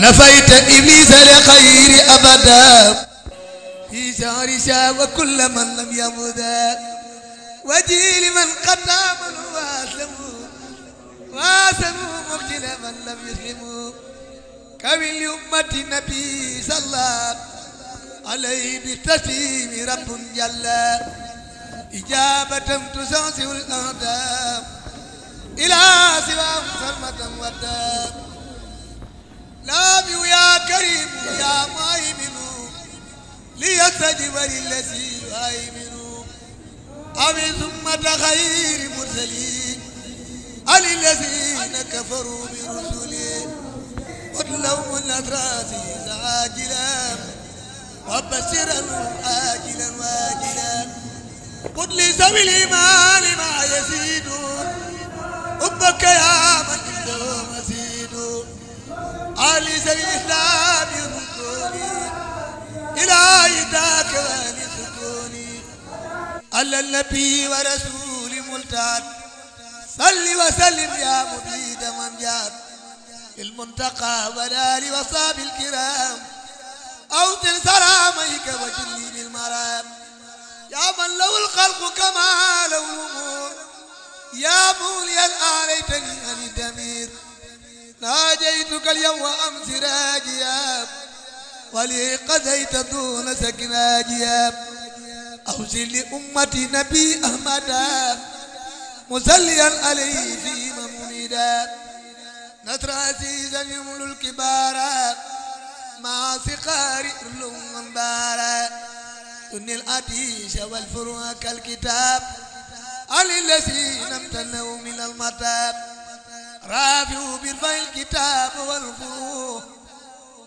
نفيت إبليس لخير أبدا في شهر شاء وكل من لم وجيل من لمن من واسموا واسموا مقتل من لم يسلموا كمن لأمة النبي صلى الله عليه بالتسليم رب جل إجابة تسعسع الأنداب إلى سواه سلمة ودام لام يا كريم يا مهيمن ليستجب للذي يهيمن أمن ثم خير مرسلين هل الذين كفروا برسله قل لهم الأتراس عاجلا وبشرهم آجلا واجلا قل لسبيل الإيمان ما يزيدون حبك يا من كلهم أزيدون علي زي الإسلام يرزقوني إلى يداك وأني سكوني على النبي ورسول ملتان صل وسلم يا مبيد من جاب المنتقى ونال وصاب الكرام أوطن سلاميك وجلي بالمرام يا من له الخلق كما له الأمور يا مولي الآليتني أني دمير ناجيتك اليوم أمس راجيا ولي قضيت دون جياب أوزي لأمتي نبي أحمد مسليا عليه في ممندا نترى عزيزا يمل الكبارا مع صقار لهم بارا تني العديش والفروع كالكتاب على الذين امتنوا من المطاب رافعوا بالفعل الكتاب والقروء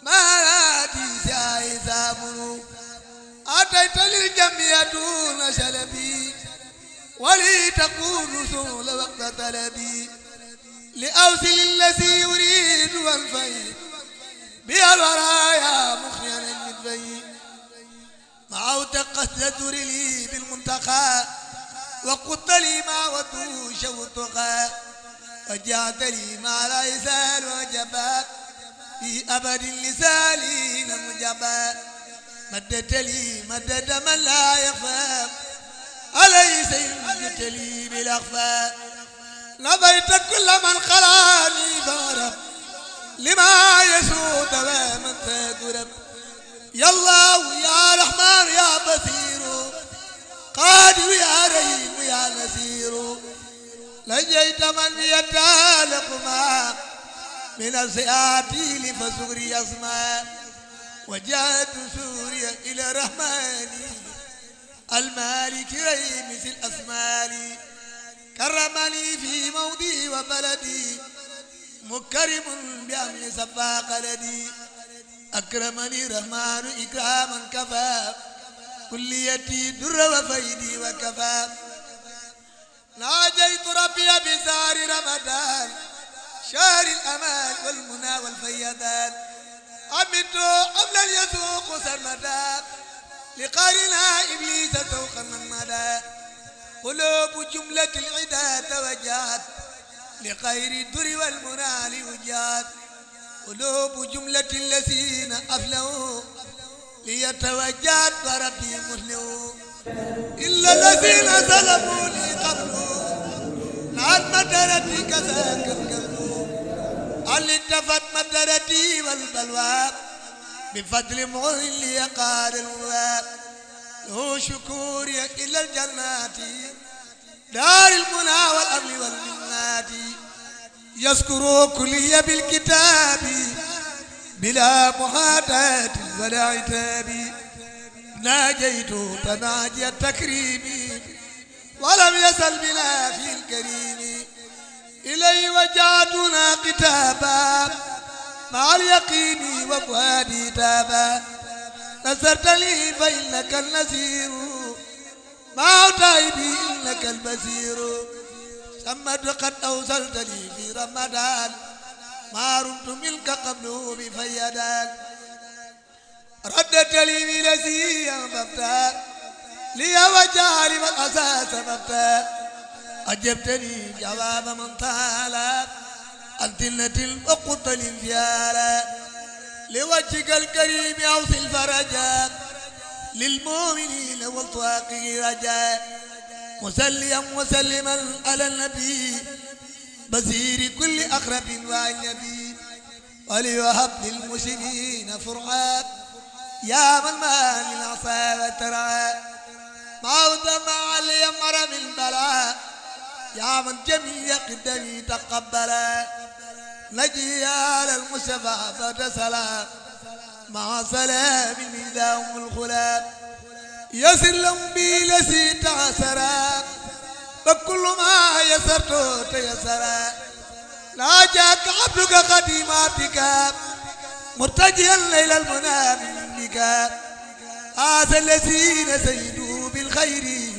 ما راتي سائزا أتيت للجميع دون شلبي ولي تقول رسول وقت طلبي لأوصل الذي يريد والفيل الورايا مخيانا بالفيل معه تقصد لي بالمنتقى وقلت لي ما ودوش والتقى وجعت ما لا يزال وجبا في أبد لسالين مجبا مدت لي مدد من لا يخفى أليس يمدت لي بالأخفى لبيت كل من خلاني فغرب لما يسود تماما تقرب يا الله يا رحمن يا بصير قادر يا رحيم يا نسير نجيت من يتالق ما من سياتي فسوري أسماء وجاءت سوريا إلى رحماني المالك ريمس الاسماء كرمني في موضي وبلدي مكرم بأمن سباق لدي أكرمني الرحمن إكراما كفى كليتي در وفيدي وكفى ناجيت ربي بزار رمضان شهر الأمان والمنى والفيضان أمنت قبل اليسوق يسوق سرمدا لقارنا إبليس سوق من مدى قلوب جملة العدا توجهت لخير الدر والمنى لوجهت قلوب جملة الذين أفلوا ليتوجهت وربي مسلموا إلا الذين ظلموا عاد مدرتي اللي انتفت مدرتي والبلوى بفضل معين لي قار الواب له شكور إلى الجنات دار المنى والأمن والمنات يذكر كلي بالكتاب بلا محاتاة ولا عتاب ناجيت تناجي التكريم ولم يزل بلا في الكريم كتابا مع اليقين وفؤادي تابا نصرت لي فإنك النصير مع تائبي إنك البزير سمد قد أوزلت لي في رمضان ما رمت منك قبله بفيدان ردت لي بلسي مبتان لي وجعل والأساس مبتان أجبتني جواب من طالب الذلة الوقت الانذار لوجهك الكريم أوصي الفرجاء للمؤمنين والطاقي رجاء مسليا وسلما على النبي بزير كل أقرب وأجنبي وليهب للمسلمين فرعات يا من ما للعصا وترى ما مع اليمر مرم البلاء يا من جميع قدمي تقبلا نجي على المصطفى فرد سلام مع سلام الميداهم الخلاب يسلم بي لسي تعسرا فكل ما يسرت تيسرا لا جاك عبدك قديماتك مرتجيا ليل المنام منك هذا الذي سيدوا بالخير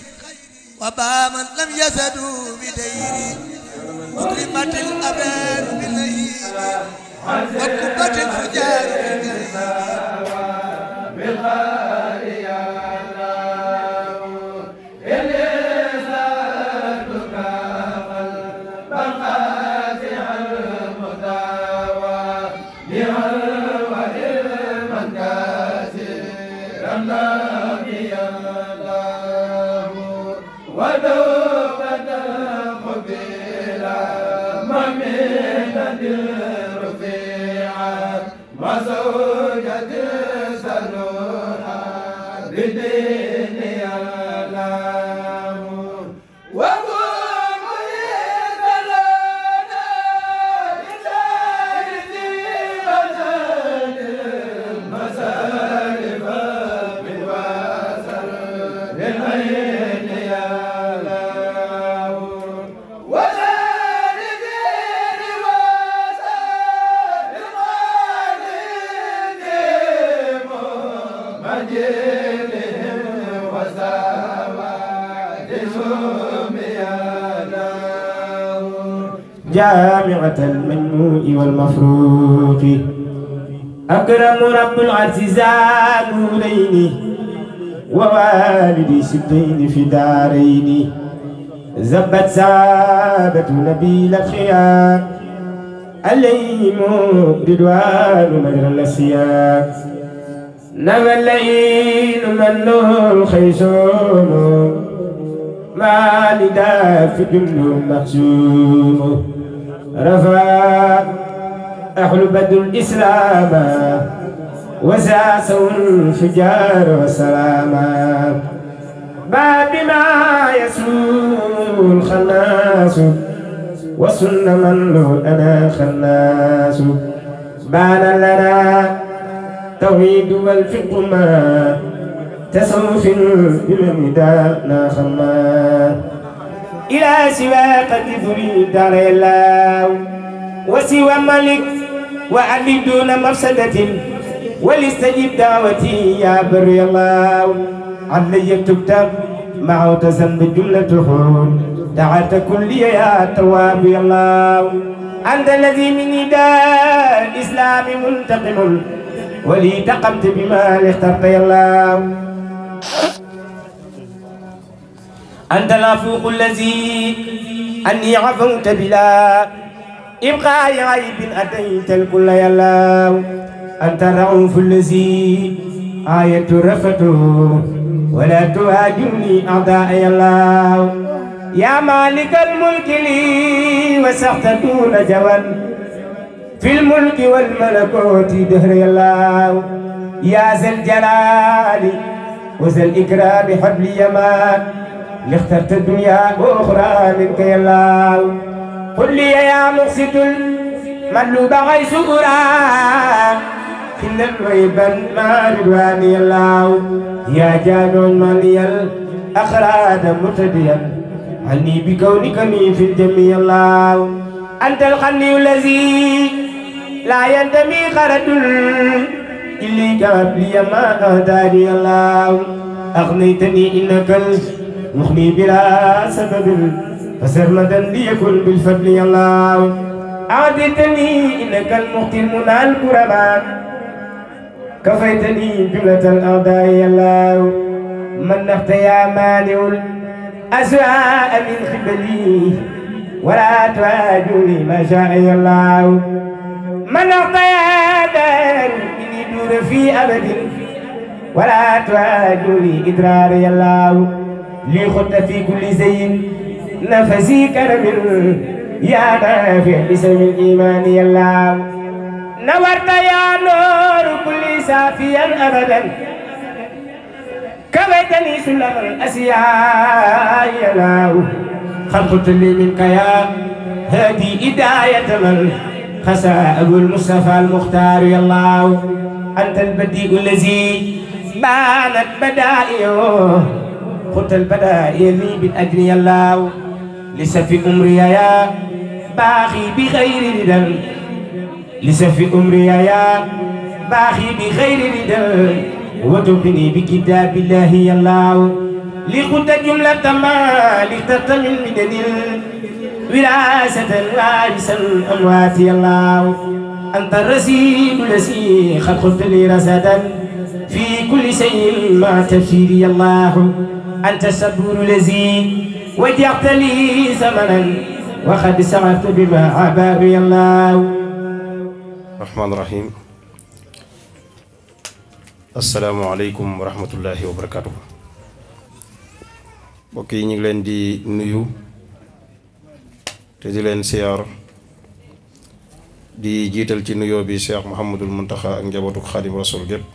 وبا من لم يسدوا بديري مكرمة الأبان بالله هن ڏک ٻڌي أكرم رب العزيز الهولين ووالدي سبتين في دارين زبت سابت نبيل الخيام عليهم رضوان مجرى الأسيام نبى الليل من له خيسوم ما لدى في جنه مخزوم رفاق أهل بدر الإسلام وزاسوا الفجار وسلاما ما يسوع يسوء الخناس وسن من له أنا خناس بان لنا توحيد والفقه ما تصوف بمن دانا خما إلى سوى قد فريد على الله وسوى ملك وعلي دون مفسدة وليستجب دعوتي يا بر الله علي تكتب مع تزن جملة حول دعات كل يا تواب الله أنت الذي من نداء الإسلام منتقم ولي تقمت بما اخترت يا الله أنت العفو الذي أني عفوت بلا إبقى يا غيب أتيت الكل يلا أنت الرؤوف الذي آية رفته ولا تهاجمني أعداء الله يا مالك الملك لي وسخت دون جوان في الملك والملكوت دهر الله يا ذا الجلال وذا الإكرام حبل يمان لاخترت الدنيا اخرى منك يا الله قل لي يا مقسط المطلوب غير سؤرا إن الويبا ما رضواني الله يا جان مالي الأخراد متديا عني بكونك لي في الجميع الله أنت الغني الذي لا يندمي خرد جاب لي ما أهداني الله أغنيتني إنك المغني بلا سبب فسر لدن ليكن بالفضل يا الله عادتني إنك المقيم من القرباء كفيتني جملة الأعداء يا الله من نفت يا مانع الأسواء من قبلي ولا تواجهني ما شاء يا الله من نفت يا دار إني دور في أبد ولا تواجهني إدرار يا الله لي خط في كل زين نفسي كرم يا دافع بسم الإيمان يا الله نورت يا نور كل سافيا أبدا كويتني سلم الأسياء يا الله خلقت لي منك يا هادي إداية من خسى أبو المصطفى المختار يا الله أنت البديء الذي بانت بدائعه قلت البدائع لي بالأجر يا الله لسه في عمري يا باغي بغير لسه في عمري يا باغي بغير ردل وتبني بكتاب الله يا الله لقد جملة ما لقد من مدن وراسة وارث أموات يا الله أنت الرسيد الذي خلقت لي رسدا في كل شيء ما تفيد يا الله أنت الصبور الذي وجعت لي زمنا وقد سعفت بما عبابي الله الرحمن الرحيم السلام عليكم ورحمة الله وبركاته mbokk yi ñu ngi leen di nuyu te di leen siyaar di jiital ci nuyoo bi Cheikh Mouhamadul Muntaxa ak njabootu Xaadim Rasul gépp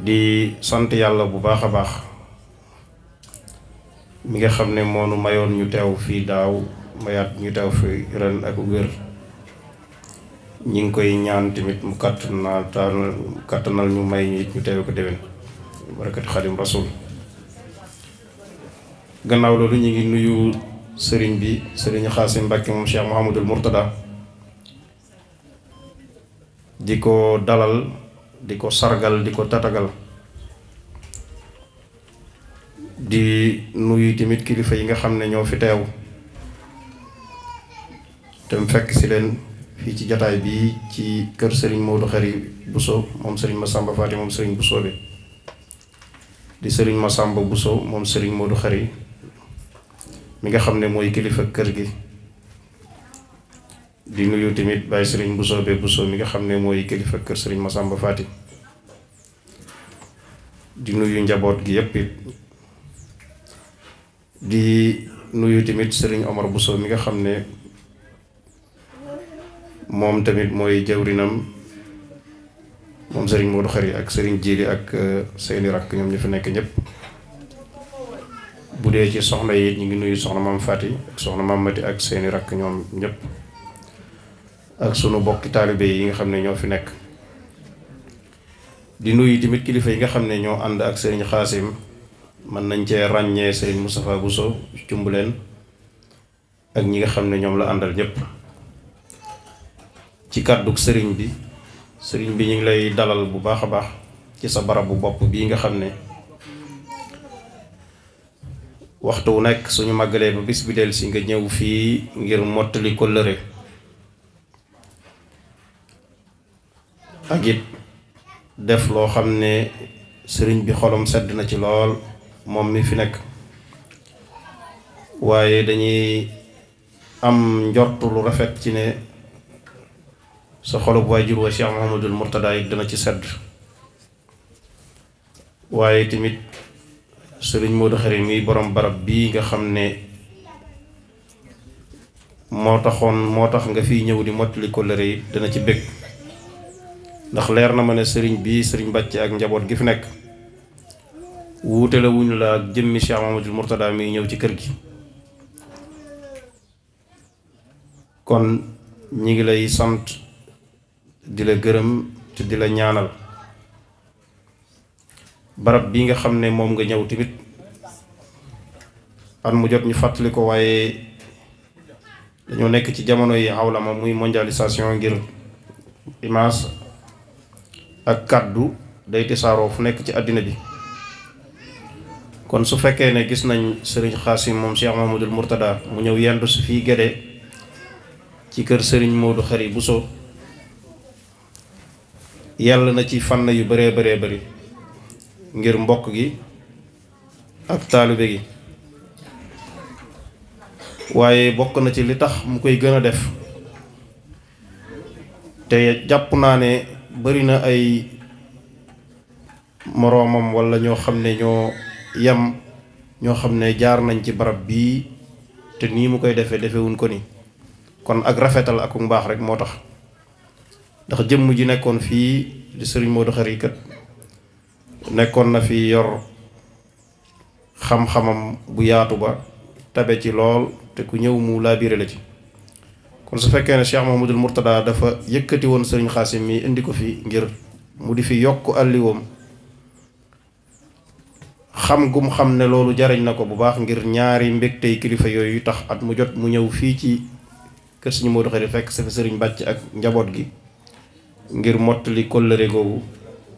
di sant yàlla bu baax a baax mi nga xam ne moonu mayon ñu teew fii daaw mayaat ñu teew fi ren ak wér ñi ngi koy ñaan tamit mu kattanal kattanal ñu may ñu ñu ko déwén barakati xadim rasul gannaaw loolu ñi ngi nuyu sëriñ bi sëriñ xaasim mbàkke moom cheikh mohamadul murtada di ko dalal di ko sargal di ko tatagal di nuyu timit kilifa yi nga xamne ño fi tew tam fekk ci len fi ci jotaay bi ci keur Serigne Modou Khary Bousso mom Serigne Massamba Faty mom Serigne Bousso bi di Serigne Massamba Bousso mom Serigne Modou khari mi nga xamne moy kilifa keur gi di nuyu timit bay Serigne Bousso be Bousso mi nga xamne moy kilifa keur Serigne Massamba Faty di nuyu njabot gi yep di nuyu tamit sering Omar Bousso mi nga xamne mom tamit moy jawrinam mom serigne Modou Khari ak serigne Jili ak eh, seeni rak ñom ñu fa nekk ñëpp bu dee ci soxna yi ñi ngi nuyu soxna mam Fati ak soxna mam Mati ak seeni rak ñom ñep ak sunu bokki talibé yi nga xamne ne ñoo fi nek di nuyu tamit kilifa yi nga xamne ne ñoo ànd ak serigne Xaasim man nañ cee ràññee Serigne Moustapha Bousso Cumbuleen ak ñi nga xam ne ñoom la àndal ñëpp ci sëriñ bi sëriñ bi ñu ngi lay dalal bu baax a baax ci sa bu bopp bii nga xam ne waxtu wu nekk suñu màggalee ba bis bi del si nga ñëw fii ngir mottali ko lëre ak def loo xam sëriñ bi xolom sedd na ci lool mom mi fi nek waye dañuy am njortu lu rafet ci ne sa xolub waajur wa Cheikh Mouhamadul murtada yi dana ci sedd waye timit serigne Modou Khary mi borom barab bi nga xamne ne taxone mo tax nga fi ñew di mottali kóllëre yi dana ci bekk ndax leer na mané serigne bi serigne sëriñ ak njabot gi fi nek la wuñu la ak jëmmi Cheikh Mamadou murtada mi ñew ci kër gi kon ñi ngi lay sant di la gërëm te di la ñaanal barab bi nga xamné ne nga ñew timit an mu jot ñu fatali ko wayé dañu nekk ci jamono yi xawlama muy mondialisation ngir image ak kaddu day tasaaroo fu nekk ci adina bi kon su fekkee ne gis nañ sëriñ Xaasim moom Cheikh Mahmadul Mourtada mu ñëw yendu si fii Gédé ci kër sëriñ Modou bu Bousso yàlla na ci fànn yu bëree bëree bari ngir mbokk gi ak taalibe gi waaye bokk na ci li tax mu koy gën a def te jàpp naa ne bari na ay moroomam walla ñoo xam ne ñoo yam ñoo xamne jaar nañ ci barab bi te ni mu koy defé wuñ ko ni kon ak rafetal ak bax rek motax ndax jëm ji nekkon fi di serigne Modou xari kat nekkon na fi yor xam-xamam bu yaatu ba tabe ci lool te ku ñew mu la ci kon su fekkee ne Cheikh Mahmoudul murtada dafa yëkkati woon serigne Xaasim mi indi ko fi ngir mu di fi xam gum xam ne loolu jariñ na ko bu baax ngir ñaari mbégtey kilifa yooyu tax at mu jot mu ñëw fii ci kër ñu Modou Khary fekk sa fi sëriñ bàcc ak njaboot gi ngir mottali kóllëre googu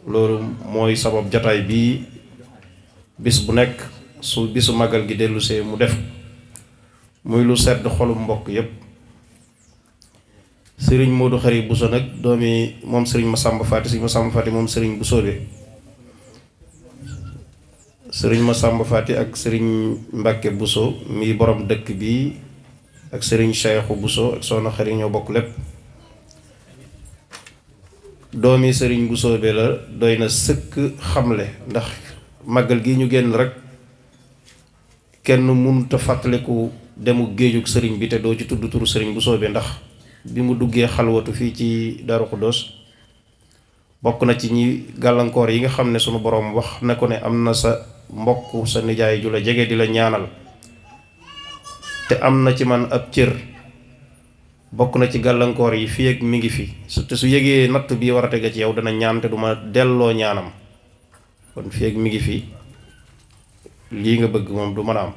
loolu mooy sabab jataay bii bis bu nekk su bisu magal gi dellusee mu def muy lu sedd xolum mbokk yépp sëriñ Modou Khary Bousso nag doomi moom sëriñ Massamba Faty sëriñ Massamba Faty moom sëriñ Bousso bi sering massamba fati ak serigne Mbacke buso mi borom dekk bi ak serigne Cheikhou buso ak soxna Xari ñoo bokk lepp doomi serigne buso be la doyna na xamle ndax magal gi ñu genn rek kenn ta fatale ko demu géejug serigne bi te do ci tuddu turu serigne Bousso be ndax bi mu duggé xalwatu fi ci daru khodos bokku na ci ñi galankor yi nga xamne ne borom wax na ko ne amna sa mbokku sa nijaay ju la jege di la ñaanal te am na ci man ab cër bokk na ci gàllankoor yi fii ak mi ngi fi su te su yëgee natt bi war a tege ci yow dana ñaan te du ma delloo ñaanam kon fii ak mi ngi fi lii nga bëgg moom du mën am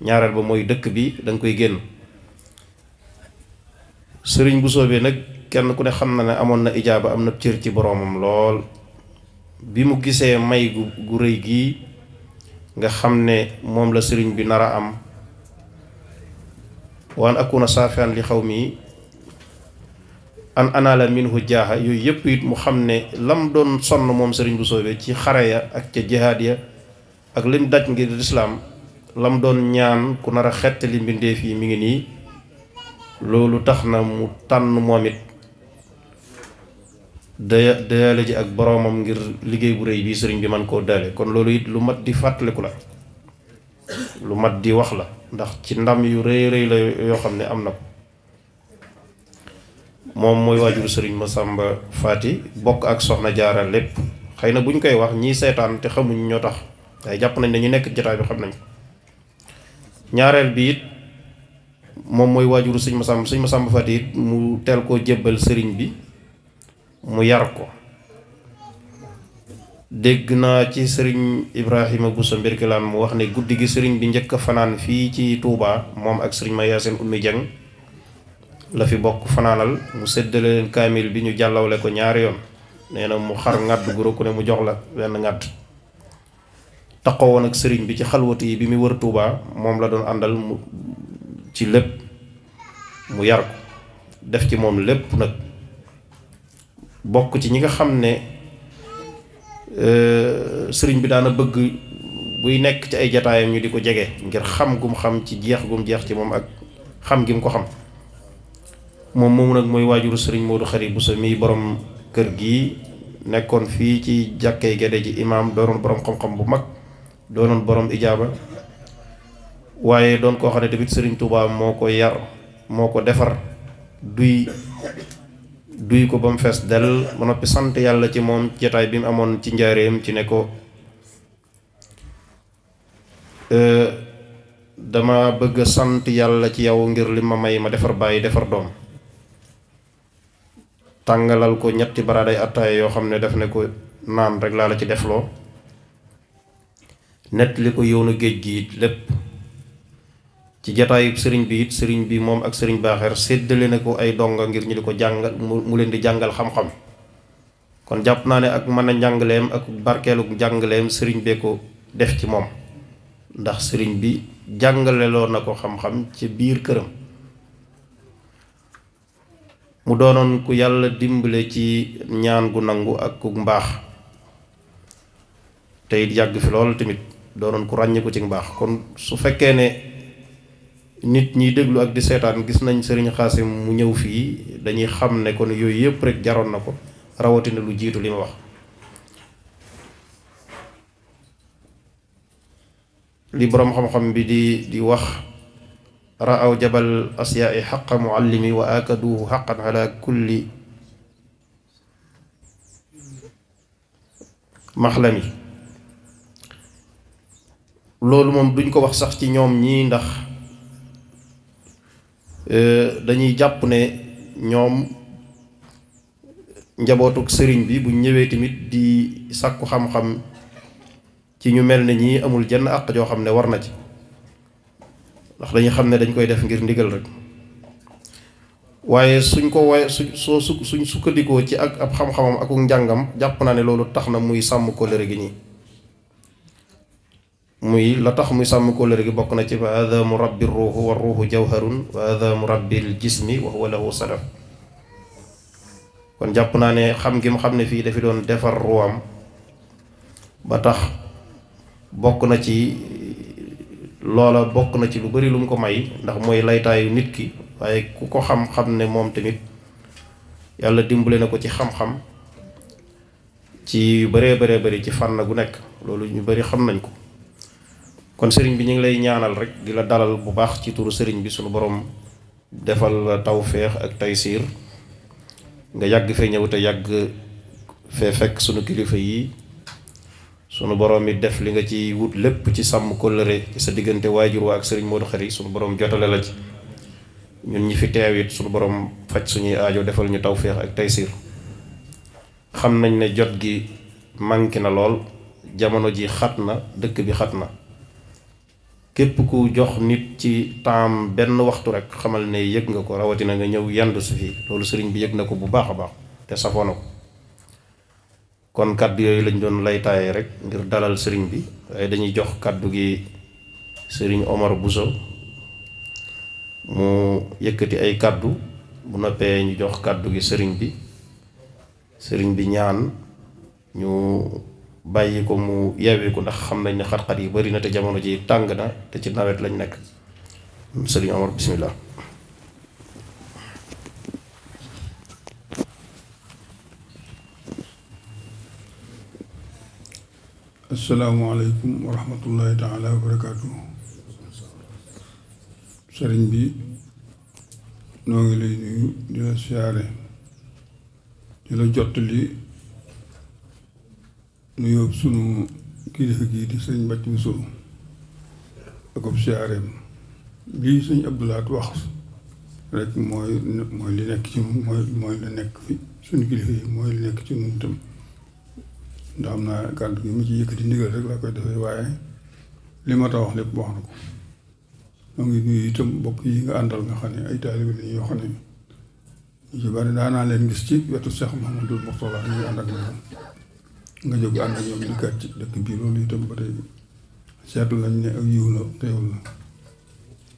ñaareel ba mooy dëkk bi danga koy génn sëriñ bu soobee nag kenn ku ne xam na ne amoon na ijaaba am na cër ci boroomam lool bi mu gisee may gu gu rëy nga xam ne moom la sëriñ bi nar a am waan akuna saafiyaan li xaw mi an anala minhu jaaxa yooyu yëpp it mu xam ne lam doon sonn moom sëriñ bu soobee ci xare ya ak ca jihaad ya ak lim daj ngir lislaam lam doon ñaan ku nar a xettali mbindeef yi mi ngi nii loolu tax na mu tànn moom it daya dayaale ji ak boroomam ngir liggéey bu rëy bii sëriñ bi man koo daale kon loolu it lu mat di fàttaliku la lu mat di wax la ndax ci ndam yu rëy rëy la yoo xam ne am na ko moom mooy waajuru sëriñ Masamba Faati bokk ak soxna jaara lépp xëy na bu koy wax ñii seetaan te xamuñ ñoo tax waaye jàpp nañ ne nekk jotaay bi xam nañ ñaareel bi it moom mooy waajuru sëñ Masamba sëñ Masamba Faati it mu teel koo jébbal sëriñ bi mu yar ko deg na ci sëriñ Ibrahima Bousso Mbirkilaan mu wax ne guddigi serigne bi ñeek fanan fi mom ci Touba mom ak serigne Mayaseen Ummi jang la fi bok fananal mu seddel len kamil bi ñu jallawle ko ñaar yoon neena mu xar ngad gu rek ne mu jox la wenn ngàdd taxawoon ak serigne bi ci xalwati bi mu wër Touba mom la doon andal ci lepp mu yar def ci mom lepp nak bok ci ñi nga xamne euh sëriñ bi daana bëgg buy nekk ci ay jotaayam ñu di ko ngir xam gum xam ci jeex gum jeex ci mom ak xam gim ko xam mom mom nak moy wajuru sëriñ Modou bu so mi borom kër gi nekkon fi ci jakkay Gédé ji imam doon borom xam-xam bu mag doon borom ijaba waye doon ko xamne debit sëriñ Touba moko yar moko defar duy duy ko bam fess del mo nopi sante yalla ci mom jotaay bi mu amon ci njaareem ci ne ko euh, dama bëgg sante yalla ci yaw ngir lima may ma defar baye defar dom tangalal ko ñetti baraaday attaay yo xamne ne ne ko naan rek la la ci defloo net li ko yoonu geejgi lepp ci jotaay sëriñ bi it sëriñ bi mom ak sëriñ baaxeer séddale nako ay donga ngir ñu diko jangal mu leen di jangal xam-xam kon japp na ne ak mëna jangaleem ak barkeelu jangaleem sëriñ bee ko def ci mom ndax sëriñ bi jangalé lo nako xam-xam ci biir kërëm mu doonon ku yalla dimbalé ci ñaan gu nangu ak ku mbax te it fi lol tamit doonon ku ko ci mbax kon su fekke nit ñi déglu ak di seetaan gis nañ serigne khassim mu ñëw fi dañuy xam ne kon yoy yépp rek jaroon na ko na lu jiitu li wax li borom xam-xam bi di di wax raaw jabal asya'i xaqa muallimi wa akaduhu haqqan ala kulli mahlami lolo mom duñ ko wax sax ci ñom ñi ndax Euh, dañuy jàpp ne ñoom njabootuk sëriñ bi bu ñëwee tamit di sàkku xam-xam ci ñu mel ne ñii amul jenn àq joo xam ne war na ci ndax dañuy xam ne dañ koy def ngir ndigal rek waaye suñ ko waaye suñ soo su suñ sukkandikoo ci ak ab xam-xamam akuk njàngam jàpp naa ne loolu tax na muy sàmm kóllëre gi nii muy la tax muy sàmm kóllëre gi bokk na ci fa hada murabbi ruuxu wa ruuxu jawharun wa hada murabbi jismi wa huwa lahu sadaf kon jàpp naa ne xam gi mu xam ne fii dafi doon defar ruwaam ba tax bokk na ci loola bokk na ci lu bari lu mu ko may ndax mooy laytaayu nit ki waaye ku ko xam-xam ne moom tamit yàlla dimbale na ko ci xam-xam ci bëree bëree bëri ci fànn gu nekk loolu ñu bëri xam nañ ko kon serigne bi ñing lay ñaanal rek di la dalal bu baax ci turu serigne bi sunu borom defal tawfiq ak taysir nga yagg fe ñëw te yagg fe fek sunu kilifa yi sunu borom mi def li nga ci wut lepp ci ko leere ci sa digeunte wajur wa ak serigne Modou sunu borom jotale la ci ñun ñi fi teew it sunu borom fajj suñu aajo defal ñu tawfiq ak taysir xam nañ ne jot gi manki na lool jamono ji xat dekk bi khatna képp ku jox nit ci taam benn waxtu rek xamal ne yëg nga ko rawatina nga ñëw yandu su fi loolu sëriñ bi yëg na ko bu baax a baax te kon kaddu yooyu lañ doon laytaaye rek ngir dalal sëriñ bi waaye dañuy jox kaddu gi sëriñ Omar buso mu yëkkati ay kaddu bu noppee ñu jox kaddu gi sëriñ bi sëriñ bi ñaan ñu bàyyi ko mu yeewee ko ndax xam nañ ne xat-xat yi bari na te jamono ji tàng na te ci nawet lañ nekk sëriñ Omar bismillah asalaamaaleykum wa rahmatullahi taala wa sëriñ bi noo ngi lay nuyu siyaare di la jottali nu yóbbu sunu kilifa gii di sëñ Mbàcke Bousso ak ab siyaareem lii sëñ Abdou wax rek mooy mooy li nekk ci mooy mooy li nekk fi sunu kilifa mooy li nekk ci ñun tam ndax am naa kàddu gi mu ci yëkkati ndigal rek laa koy defee waaye li ma ta wax lépp wax na ko ma ngi nuyu itam mbokk yi nga àndal nga xam ne ay taalibe la yoo xam ne ñu ci bari daanaa leen gis ci wetu Cheikh Mouhamadoul Mourtada ñu ànd ak moom nga jóg ànd ak ñoom di gàcc ci dëkk bi loolu itam ba tey seetlu nañ ne ak yiw la xéewal la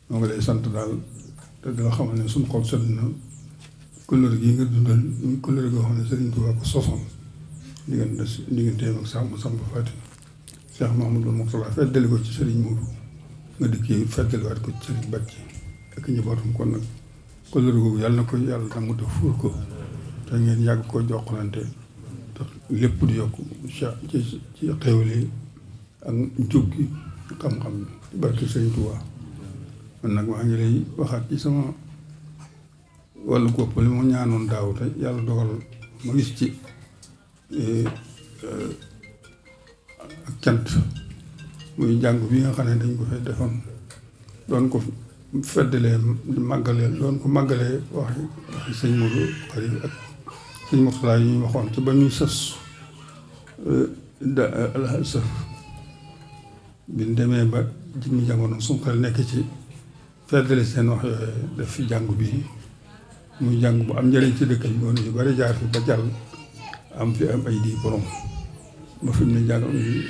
moo ngi lay sant daal te dala xamal ne suñ xol sedd na couleur gi nga dundal ñu couleur goo xam ne Sëriñ Tuubaa ko sosoon diggante digganteem ak sàmm sàmm Faati Cheikh Mahmoudou Mourtala feddali ko ci Sëriñ Muudu nga dikki feddaliwaat ko ci Sëriñ ak njabootam kon nag couleur googu yàlla na ko yàlla nangu te fuur ko te ngeen yàgg ko joxlante lépp di yokk ci ci xéwal ak njub xam-xam ci barke Sëriñ Tuubaa man nag maa ngi lay waxaat ci sama wàllu gopp li ma ñaanoon daaw te yàlla dogal ma gis ci e, e, ak cant muy njàng bi nga xam ne dañ ko fay defoon doon ko feddalee màggalee doon ko màggalee waxi waxi sëñ Modou Xarim ak sëñ Murtala yi ñu waxoon ci ba muy sës da alxalsa bi ñu demee ba mu jamono suñu xel nekk ci feddali seen wax yooyu def fi jàng bii muy jàng bu am njëriñ ci dëkk bi noonu yu bari jaar fi ba jàll am fi am ay di borom ba fi mu ne jàng bi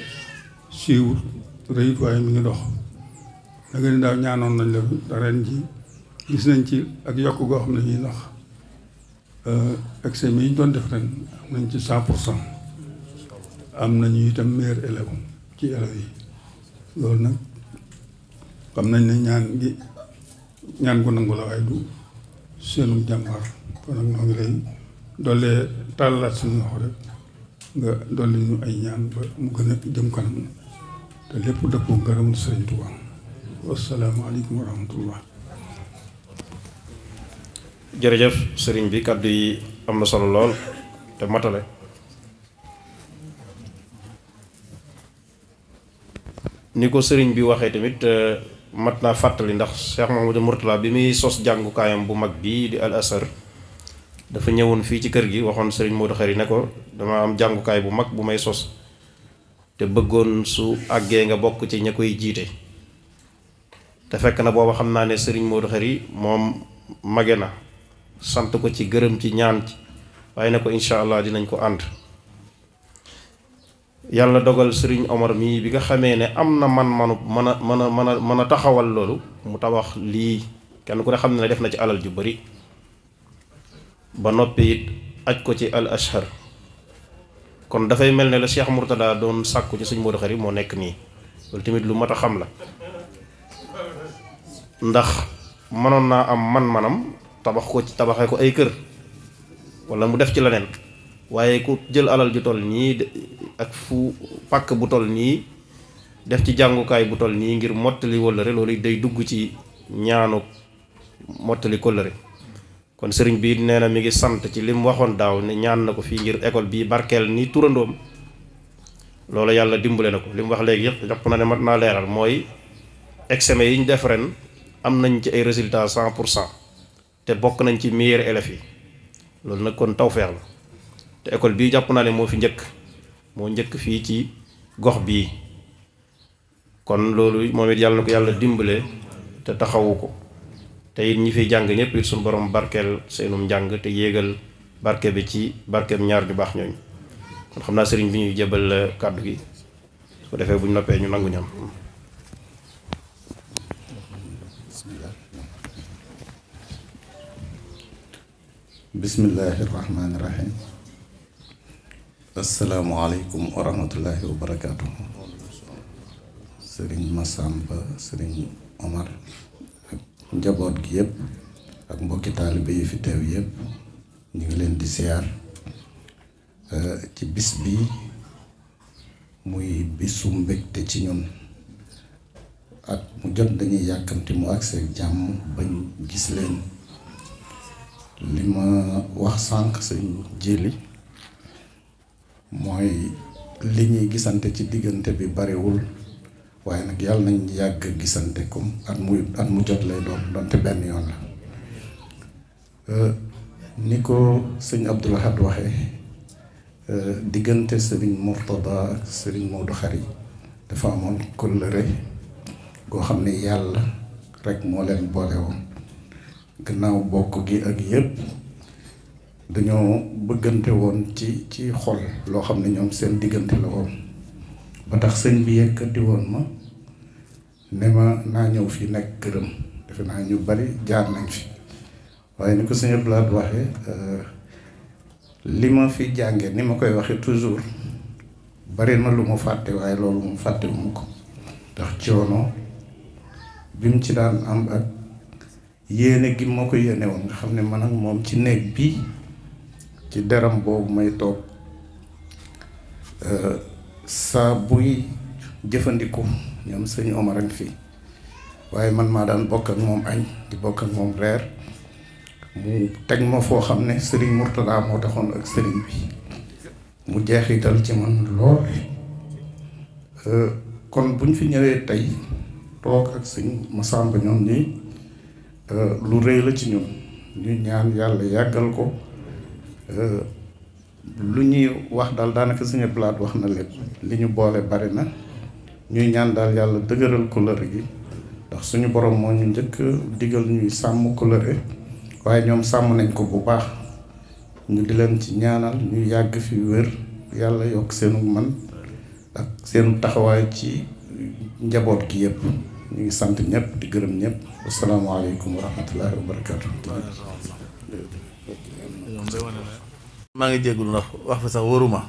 siiwut rëyut waaye mi ngi dox da nga ñaanoon nañ la ren ji gis nañ ci ak yokk goo xam ne ñuy ndax Euh, examen yi ñu doon def ren am nañ ci cent pour cent am nañu itam meilleur élève ci élèves yi loolu nag xam nañ ne ñaan gi ñaan gu nangu la waaye du seenu jàmbaar kon nag ñoo lay dollee tàllaat suñu loxo rek nga dolli ñu ay ñaan ba mu gën a jëm kanam te lépp dëppoo ngërëmul Sëriñ Tuubaa wasalaamaaleykum wa rahmatullah jërëjëf sëriñ bi kàddu yi am na solo lool te matale ni ko sëriñ bi waxee tamit euh, mat naa fàttali ndax Cheikh Mamadou murtala bi muy sos jàngukaayam bu mag bi di al asar dafa ñëwoon fii ci kër gi waxoon sëriñ Modou Khary ne ko dama am jàngukaay bu mag bu may sos te bëggoon su àggee nga bokk ci ña koy jiite te fekk na booba xam naa ne sëriñ Modou moom mage sant ko ci gërëm ci ñaan ci waaye ne ko incha allah dinañ ko ànd yàlla dogal sëriñ omor mii bi nga xamee ne am na man manu mën a mën a mën a mën a taxawal loolu mu tabax lii kenn ku ne xam ne def na ci alal ju bari ba noppi it aj ko ci al ashar kon dafay mel ne la Cheikh Mourtada doon sàkku ci suñ Modou moo nekk nii loolu lu mat a xam la ndax mënoon naa am man-manam tabax ko ci tabaxé ko ay kër wala mu def ci lenen waaye ku jël alal ju toll ni ak fu pak bu toll ni def ci jàngukaay bu toll ni ngir wala re loolu day dugg ci ñaanu ko kóllëre kon sëriñ bi nee na mi ngi sant ci lim waxon daw daaw ne ñaan nako ko ngir école bi barkel ni turandom loolu yalla dimbulé nako ko wax légui na ne mat naa leeral mooy examen yiñ def ren am nañ ci ay résultats 100% te bok nañ ci meilleur élève yi lool nak kon tawfer la te école bi japp na ne mo fi ñëk mo ñëk fi ci gox bi kon loolu momit yalla yàlla na ko yàlla dimbale te taxawu te it ñi fi jang ñëpp it sun borom barkel seenum jang te yégal barké bi ci barkeem ñaar ju bax ñooñu kon xamna naa sëriñ bi ñu jébal kaddu gi su ko defee bu noppé ñu nangu ñam bismillaahi rahmaani rahiim asalaamualeykum wa rahmatullaahi wa barakaatu. sëriñ Massamba sëriñ Omar njaboot gi yëpp ak mbokki taalibe yi fi teew yëpp ñu ngi leen di siyaar eh, ci bis bi muy bisu mbégte ci ñun ak mu jot dañuy yàkkamti mu agsi jàmm bañ gis leen. li ma wax sànq sëñ li mooy li ñuy gisante ci diggante bi bariwul waaye nag yàlla nañ yàgg gisante comme at mu jot lay doom donte benn yoon la euh, ni ko sëñ Abdul Ahad waxee euh, diggante sëriñ Murtada ak sëriñ Moodu Xari dafa amoon kóllëre goo xam ne yàlla rek moo leen boole woon gannaaw bokk gi ak yépp dañoo bëggante woon ci ci xol loo xam ne ñoom seen diggante la woon ba tax sëñ bi yëkkati woon ma ne ma naa ñëw fi nekk këram defe naa ñu bari jaar nañ fi waaye ni ko sëñ Abdoulaye waxee euh, li ma fi jànge ni ma koy waxee toujours bari na lu mu fàtte waaye loolu mu fàtte mu ko ndax coono bi mu ci daan am ak yéene gi ma ko yéene nga xam ne man ak moom ci néeg bi ci deram boobu may toog euh, saa buy jëfandiku ñoom sëñ Omar ak fii waaye man maa daan bokk ak moom añ di bokk ak moom reer mu teg ma foo xam ne sëriñ Mourtada moo taxoon ak sëriñ bi mu jeexital ci man lool euh, kon bu ñu fi ñëwee tey toog ak sëñ Massamba ñoom ñi lu rëy la ci ñun ñu ñaan yàlla yàggal ko lu ñuy wax daal daanaka suñu plaat wax na lépp li ñu boole bari na ñuy ñaan daal yàlla dëgëral kóllëre gi ndax suñu borom moo ñu njëkk digal ñuy sàmm kóllëre waaye ñoom sàmm nañ ko bu baax ñu di leen ci ñaanal ñu yàgg fi wér yàlla yokk seenu man ak seenu taxawaay ci njaboot gi yépp ñu ngi sant ñëpp di gërëm ñëpp asalaamaaleykum wa rahmatullahi wa maa ngi jégalu ndax wax fi sax waruma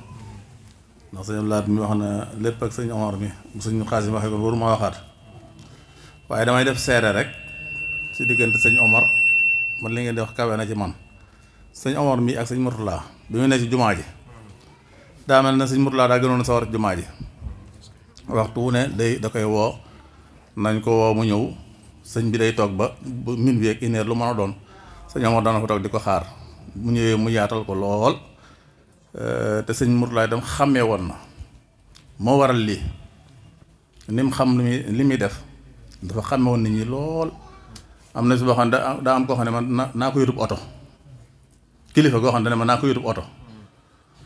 ndax sëñ laat mi wax na lépp ak sëñ Omar mi bu sëñ Xaasim waxee kon waruma waxaat waaye damay def seere rek si diggante sëñ Omar man li ngeen di wax kawe na ci man sëñ Omar mi ak sëñ Murtala bi mu ne jumaa ji daa na sëñ Murtala daa gënoon a sawar ci jumaa ji waxtu wu ne day da woo. nañ ko woo mu ñëw sëñ bi day toog ba min bi ak lu ma a doon sëñ Omar dana fa toog di ko xaar mu ñëwee mu yaatal ko lool euh, te sëñ Mourtala dem xàmmee woon na moo waral li ni xam lu muy li muy def dafa xàmme woon nit ñi lool am na si boo xam ne daa am koo xam ne man naa naa ko yótub oto kilifa goo xam ne man naa ko yótub oto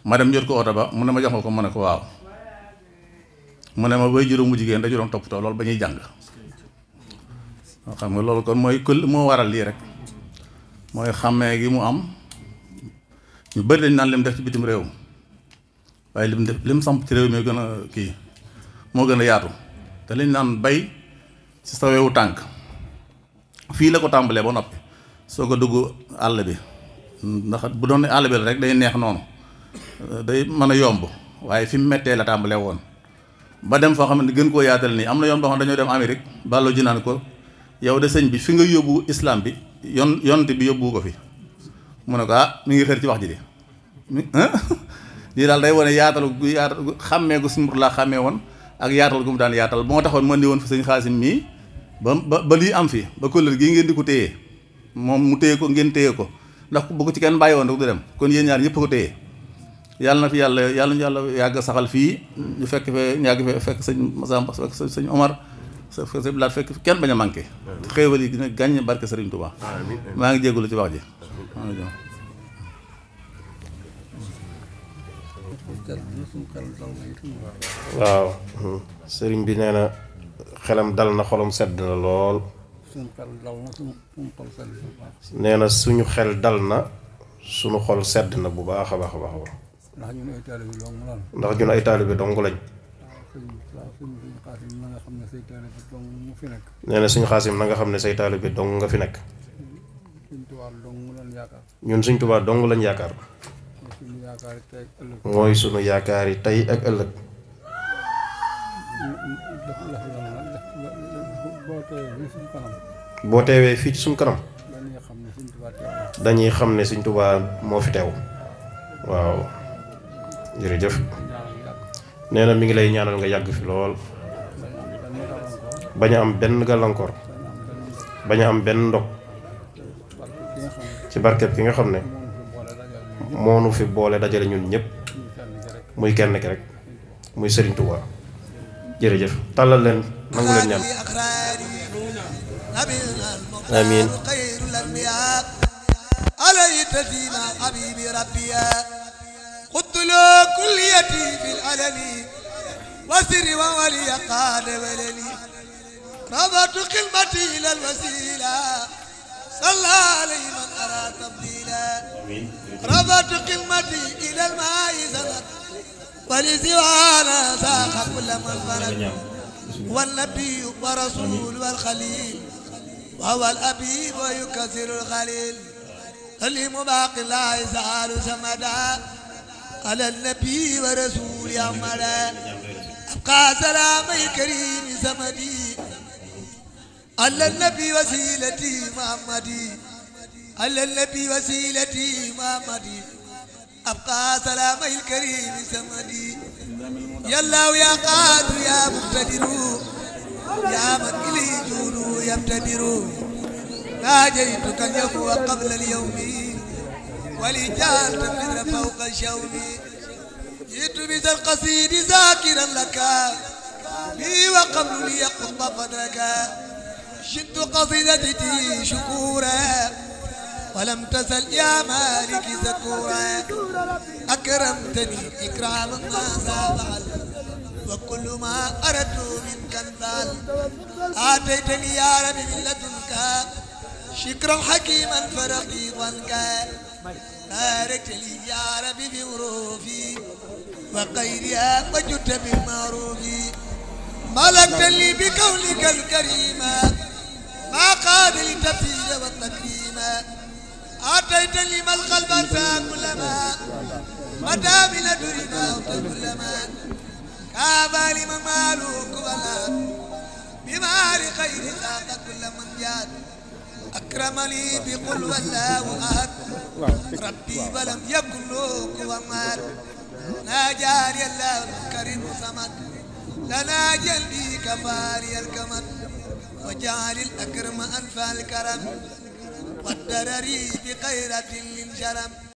ma dem jot ko oto ba mu ne ma jox nga ko ma ne ko waaw mu ne ma way juróomu jigéen dañu doon toppatoo loolu ba ñuy jàng xam nga loolu kon mooy kël moo waral lii rek mooy xàmmee gi mu am ñu bëri dañ naan lim def ci bitim réew waaye lim def lim samp ci réew mi gën a kii moo gën a yaatu te liñ naan bay ci sa tànk fii la ko tàmbalee ba noppi soo ko dugg àll bi ndax bu doon ne àll bi la rek day neex noonu day mën a yomb waaye fi mu mettee la tàmbalee woon ba dem foo xam ne gën koo yaatal nii am na yoon boo xam dañoo dem Amérique bàllo ji naan ko yow de sëñ bi fi nga yóbbu islam bi yon yonte bi yóbbu ko fi mu ne ko ah mi ngi xër ci wax ji di lii daal day wane yaatal gu yaatal xàmmee gu simur laa xàmmee woon ak yaatal gu mu daan yaatal moo taxoon mën di woon fi sëñ xaasim mii ba ba ba lii am fi ba kóllër gii ngeen di ko téye moom mu téye ko ngeen téye ko ndax bu ko ci kenn bàyyi woon rek du dem kon yéen ñaar ñëpp ko téye yàlla na fi yàlla yàlla ñu yàlla yàgg saxal fii ñu fekk fee ñu yàgg fee fekk sëñ Masamba fekk sëñ Omar fekk kenn bañ a manqué yi dina gàññ barke Sëriñ Tuubaa maa ngi jégalu ci wax ji waaw sëriñ bi nee na xelam dal na xolam sedd na lool nee na suñu xel dal na suñu xol sedd na bu baax a baax a baax ndax ñun ay taalibe dong lañ. ndax ñun ay taalibe dong lañ. nee na suñu xaasim na nga xam ne say bi dong nga fi nekk. ñun suñ Tuubaa dong lañ yaakaar. mooy suñu yaakaar yi tey ak ëllëg. boo teewee fii ci suñu kanam. dañuy xam ne suñ Tuubaa moo fi teew waaw. jërëjëf nee na mi ngi lay ñaanal nga yàgg fi lool bañ a am benn gàllankoor bañ a am benn ndog ci barkeb ki nga xam ne moonu fi boole dajale ñun ñëpp muy kenn ki rek muy Serigne Touba jërëjëf tàllal leen nangu leen ñaan rabbiya له كليتي في العلن وسر وولي قاد ولني ربط قلبتي إلى الوسيلة صلى عليه من أرى تبديلا ربط قلبتي إلى الماء زنت ولزوانا ساق كل من فرد والنبي ورسول والخليل وهو الأبيب ويكسر الخليل الإمام باقي لا يزال سمدا على النبي ورسول يا مالا أبقى سلام الكريم سمدي على النبي وسيلتي محمدي على النبي وسيلتي محمدي أبقى سلام الكريم سمدي يا الله يا قادر يا مقتدر يا من يا جود يبتدر ناجيتك اليوم وقبل اليوم ولجان من فوق شوني جئت بذا القصيد ذاكرا لك بي وقبل لي قطب فدرك شدت قصيدتي شكورا ولم تزل يا مالك زكورا أكرمتني إكراما ما زال وكل ما أردت منك انزال آتيتني يا رب من لدنك شكرا حكيما فرقيضا لي يا ربي بوروفي يا وجدت بمعروفي ملكت لي بقولك الكريم ما قاد لتفيد والتكريم أعطيت لي ما القلب أنت كلما متى من درنا كلما كابا لمن مالوك ولا بما لخير ذاك كل من جاد أكرم لي بقل والله أهد ربي ولم يكن لوك كفوا لنا جاري الله الكريم صمد لنا جلبي كفاري الكمد وجعل الأكرم أنفى الكرم والدرري بخيرة للجرم